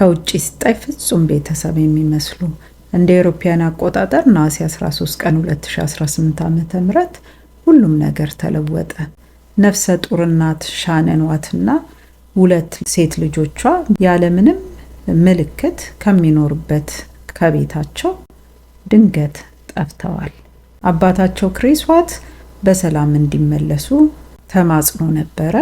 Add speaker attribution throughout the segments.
Speaker 1: ከውጭ ሲታይ ፍጹም ቤተሰብ የሚመስሉ እንደ አውሮፓውያን አቆጣጠር ነሐሴ 13 ቀን 2018 ዓ.ም ሁሉም ነገር ተለወጠ። ነፍሰ ጡር እናት ሻነን ዋትና ሁለት ሴት ልጆቿ ያለምንም ምልክት ከሚኖሩበት ከቤታቸው ድንገት ጠፍተዋል። አባታቸው ክሪስ ዋት በሰላም እንዲመለሱ ተማጽኖ ነበረ።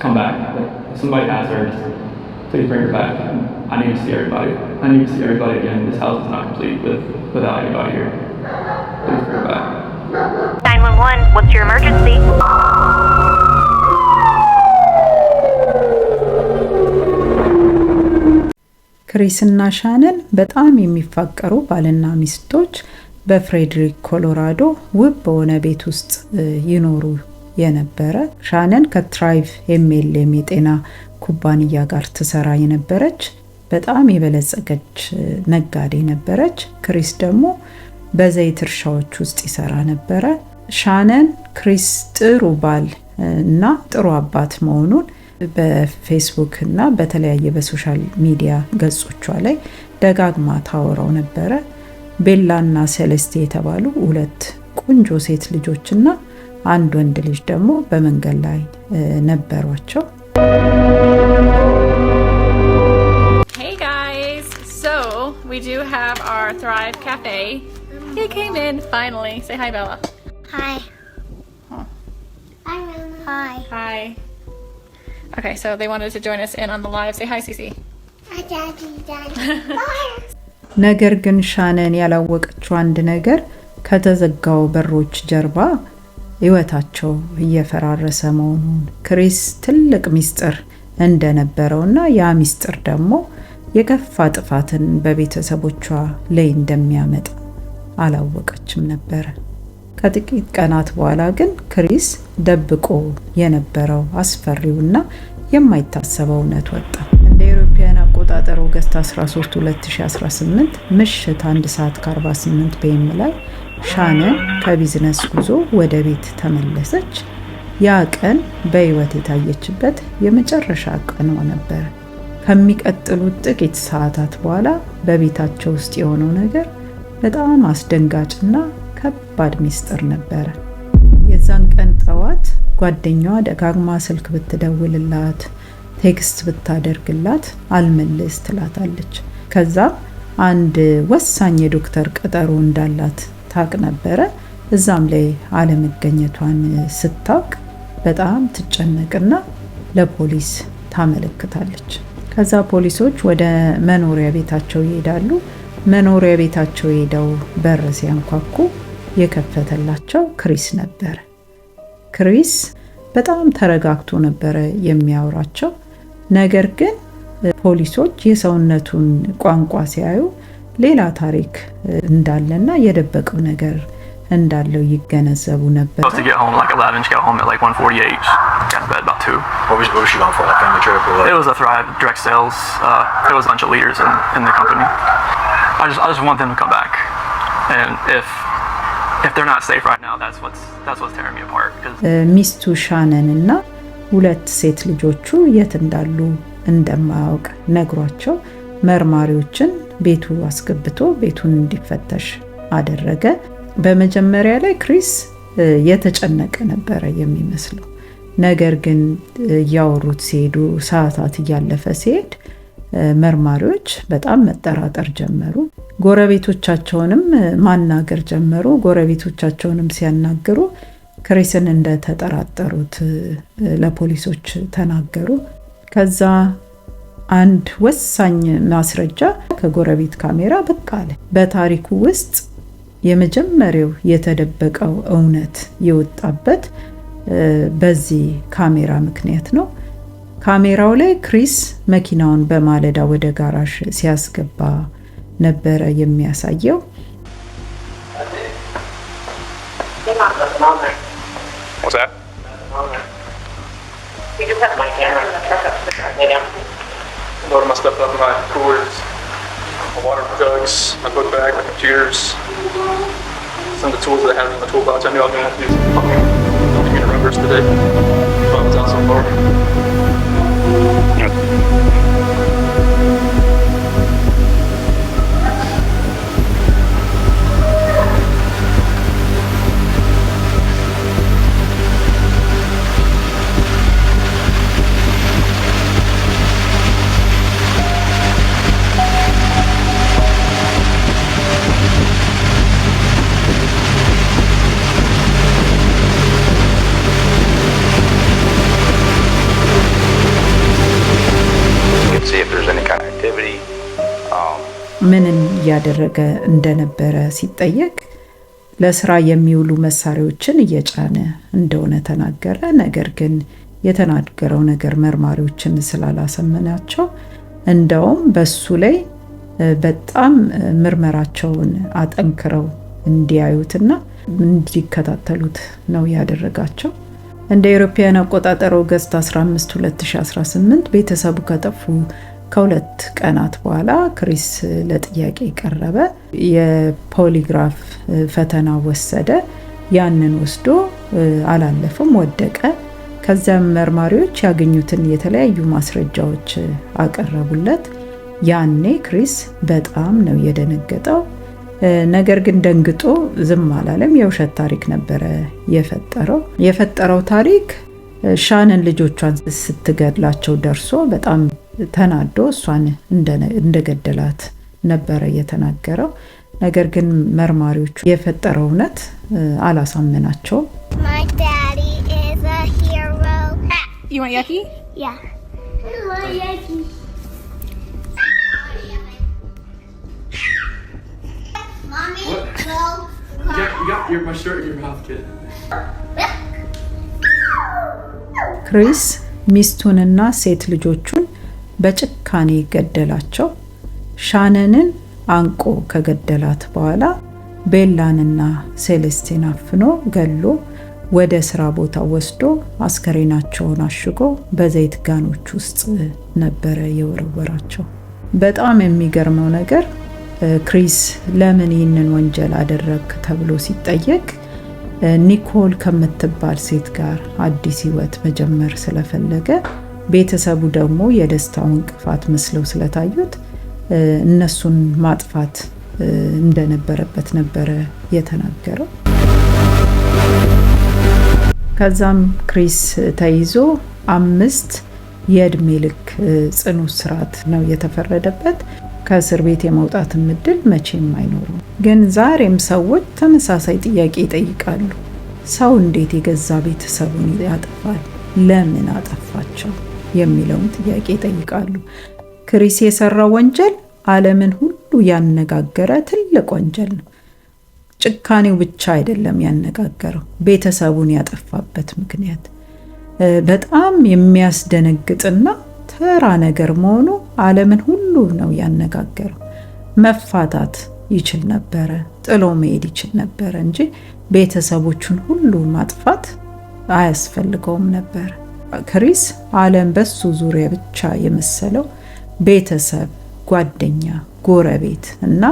Speaker 2: come back. Like, if somebody has her, just please bring her back. I need to see everybody. I need to see everybody again. This house is not complete with, without anybody here. Please bring her back.
Speaker 3: 911, what's your emergency?
Speaker 1: ክሪስና ሻነን በጣም የሚፋቀሩ ባልና ሚስቶች በፍሬድሪክ ኮሎራዶ ውብ በሆነ ቤት ውስጥ ይኖሩ የነበረ ሻነን ከትራይቭ ኤምኤልኤም የጤና ኩባንያ ጋር ትሰራ የነበረች በጣም የበለጸገች ነጋዴ ነበረች። ክሪስ ደግሞ በዘይት እርሻዎች ውስጥ ይሰራ ነበረ። ሻነን ክሪስ ጥሩ ባል እና ጥሩ አባት መሆኑን በፌስቡክ እና በተለያየ በሶሻል ሚዲያ ገጾቿ ላይ ደጋግማ ታወራው ነበረ። ቤላ እና ሴሌስቴ የተባሉ ሁለት ቆንጆ ሴት ልጆችና አንድ ወንድ ልጅ ደግሞ በመንገድ ላይ ነበሯቸው። ነገር ግን ሻነን ያላወቀችው አንድ ነገር ከተዘጋው በሮች ጀርባ ህይወታቸው እየፈራረሰ መሆኑን ክሪስ ትልቅ ሚስጥር እንደነበረውና ያ ሚስጥር ደግሞ የከፋ ጥፋትን በቤተሰቦቿ ላይ እንደሚያመጣ አላወቀችም ነበረ። ከጥቂት ቀናት በኋላ ግን ክሪስ ደብቆ የነበረው አስፈሪውና የማይታሰበው እውነት ወጣ። አቆጣጠር ኦገስት 13 2018 ምሽት 1 ሰዓት ከ48 ፒኤም ላይ ሻነ ከቢዝነስ ጉዞ ወደ ቤት ተመለሰች። ያ ቀን በህይወት የታየችበት የመጨረሻ ቀኗ ነበር። ከሚቀጥሉት ጥቂት ሰዓታት በኋላ በቤታቸው ውስጥ የሆነው ነገር በጣም አስደንጋጭና ከባድ ሚስጥር ነበረ። የዛን ቀን ጠዋት ጓደኛዋ ደጋግማ ስልክ ብትደውልላት ቴክስት ብታደርግላት አልመልስ ትላታለች። ከዛ አንድ ወሳኝ የዶክተር ቀጠሮ እንዳላት ታቅ ነበረ። እዛም ላይ አለመገኘቷን ስታውቅ በጣም ትጨነቅና ለፖሊስ ታመለክታለች። ከዛ ፖሊሶች ወደ መኖሪያ ቤታቸው ይሄዳሉ። መኖሪያ ቤታቸው ሄደው በር ሲያንኳኩ የከፈተላቸው ክሪስ ነበረ። ክሪስ በጣም ተረጋግቶ ነበረ የሚያወራቸው። ነገር ግን ፖሊሶች የሰውነቱን ቋንቋ ሲያዩ ሌላ ታሪክ እንዳለና የደበቀው ነገር እንዳለው ይገነዘቡ ነበር። ሚስቱ ሻነን እና ሁለት ሴት ልጆቹ የት እንዳሉ እንደማያውቅ ነግሯቸው መርማሪዎችን ቤቱ አስገብቶ ቤቱን እንዲፈተሽ አደረገ። በመጀመሪያ ላይ ክሪስ የተጨነቀ ነበረ የሚመስለው። ነገር ግን እያወሩት ሲሄዱ ሰዓታት እያለፈ ሲሄድ መርማሪዎች በጣም መጠራጠር ጀመሩ። ጎረቤቶቻቸውንም ማናገር ጀመሩ። ጎረቤቶቻቸውንም ሲያናግሩ ክሪስን እንደተጠራጠሩት ለፖሊሶች ተናገሩ። ከዛ አንድ ወሳኝ ማስረጃ ከጎረቤት ካሜራ ብቅ አለ። በታሪኩ ውስጥ የመጀመሪያው የተደበቀው እውነት የወጣበት በዚህ ካሜራ ምክንያት ነው። ካሜራው ላይ ክሪስ መኪናውን በማለዳ ወደ ጋራዥ ሲያስገባ ነበረ የሚያሳየው።
Speaker 2: What's that?
Speaker 4: We just have my camera in the truck upstairs. They
Speaker 2: don't. Loaded my stuff up, in my coolers, my water jugs, my book bag, my computers, some of the tools that I have in my toolbox. I knew I was going to have to do something.
Speaker 1: ምንን እያደረገ እንደነበረ ሲጠየቅ ለስራ የሚውሉ መሳሪያዎችን እየጫነ እንደሆነ ተናገረ። ነገር ግን የተናገረው ነገር መርማሪዎችን ስላላሰመናቸው እንደውም በሱ ላይ በጣም ምርመራቸውን አጠንክረው እንዲያዩትና እንዲከታተሉት ነው ያደረጋቸው። እንደ አውሮፓውያን አቆጣጠር ኦገስት 15 2018 ቤተሰቡ ከጠፉ ከሁለት ቀናት በኋላ ክሪስ ለጥያቄ ቀረበ። የፖሊግራፍ ፈተና ወሰደ። ያንን ወስዶ አላለፈም፣ ወደቀ። ከዚያም መርማሪዎች ያገኙትን የተለያዩ ማስረጃዎች አቀረቡለት። ያኔ ክሪስ በጣም ነው የደነገጠው። ነገር ግን ደንግጦ ዝም አላለም። የውሸት ታሪክ ነበረ የፈጠረው። የፈጠረው ታሪክ ሻንን ልጆቿን ስትገድላቸው ደርሶ በጣም ተናዶ እሷን እንደገደላት ነበረ የተናገረው። ነገር ግን መርማሪዎቹ የፈጠረው እውነት አላሳመናቸውም። ክሪስ ሚስቱንና ሴት ልጆቹን በጭካኔ ገደላቸው። ሻነንን አንቆ ከገደላት በኋላ ቤላንና ሴሌስቲን አፍኖ ገሎ ወደ ስራ ቦታ ወስዶ አስከሬናቸውን አሽጎ በዘይት ጋኖች ውስጥ ነበረ የወረወራቸው። በጣም የሚገርመው ነገር ክሪስ ለምን ይህንን ወንጀል አደረግ ተብሎ ሲጠየቅ ኒኮል ከምትባል ሴት ጋር አዲስ ህይወት መጀመር ስለፈለገ ቤተሰቡ ደግሞ የደስታው እንቅፋት መስለው ስለታዩት እነሱን ማጥፋት እንደነበረበት ነበረ የተናገረው። ከዛም ክሪስ ተይዞ አምስት የእድሜ ልክ ጽኑ እስራት ነው የተፈረደበት። ከእስር ቤት የመውጣት እድል መቼም አይኖሩም። ግን ዛሬም ሰዎች ተመሳሳይ ጥያቄ ይጠይቃሉ። ሰው እንዴት የገዛ ቤተሰቡን ያጠፋል? ለምን አጠፋቸው? የሚለውን ጥያቄ ይጠይቃሉ። ክሪስ የሰራው ወንጀል ዓለምን ሁሉ ያነጋገረ ትልቅ ወንጀል ነው። ጭካኔው ብቻ አይደለም ያነጋገረው፣ ቤተሰቡን ያጠፋበት ምክንያት በጣም የሚያስደነግጥና ተራ ነገር መሆኑ ዓለምን ሁሉ ነው ያነጋገረው። መፋታት ይችል ነበረ፣ ጥሎ መሄድ ይችል ነበረ እንጂ ቤተሰቦቹን ሁሉ ማጥፋት አያስፈልገውም ነበረ። ክሪስ ዓለም በሱ ዙሪያ ብቻ የመሰለው ቤተሰብ፣ ጓደኛ፣ ጎረቤት እና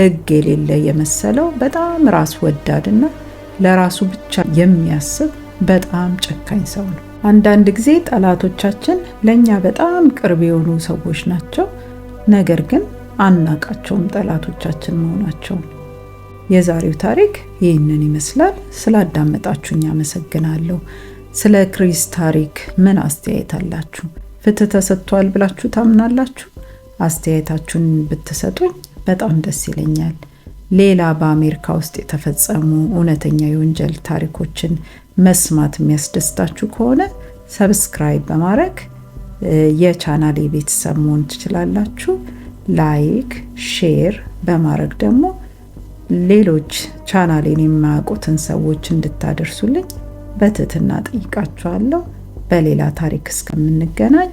Speaker 1: ሕግ የሌለ የመሰለው በጣም ራስ ወዳድና ለራሱ ብቻ የሚያስብ በጣም ጨካኝ ሰው ነው። አንዳንድ ጊዜ ጠላቶቻችን ለእኛ በጣም ቅርብ የሆኑ ሰዎች ናቸው፣ ነገር ግን አናቃቸውም ጠላቶቻችን መሆናቸውን። የዛሬው ታሪክ ይህንን ይመስላል። ስላዳመጣችሁኝ አመሰግናለሁ። ስለ ክሪስ ታሪክ ምን አስተያየት አላችሁ? ፍትህ ተሰጥቷል ብላችሁ ታምናላችሁ? አስተያየታችሁን ብትሰጡኝ በጣም ደስ ይለኛል። ሌላ በአሜሪካ ውስጥ የተፈጸሙ እውነተኛ የወንጀል ታሪኮችን መስማት የሚያስደስታችሁ ከሆነ ሰብስክራይብ በማድረግ የቻናሌ ቤተሰብ መሆን ትችላላችሁ። ላይክ፣ ሼር በማድረግ ደግሞ ሌሎች ቻናሌን የማያውቁትን ሰዎች እንድታደርሱልኝ በትህትና ጠይቃችኋለሁ። በሌላ ታሪክ እስከምንገናኝ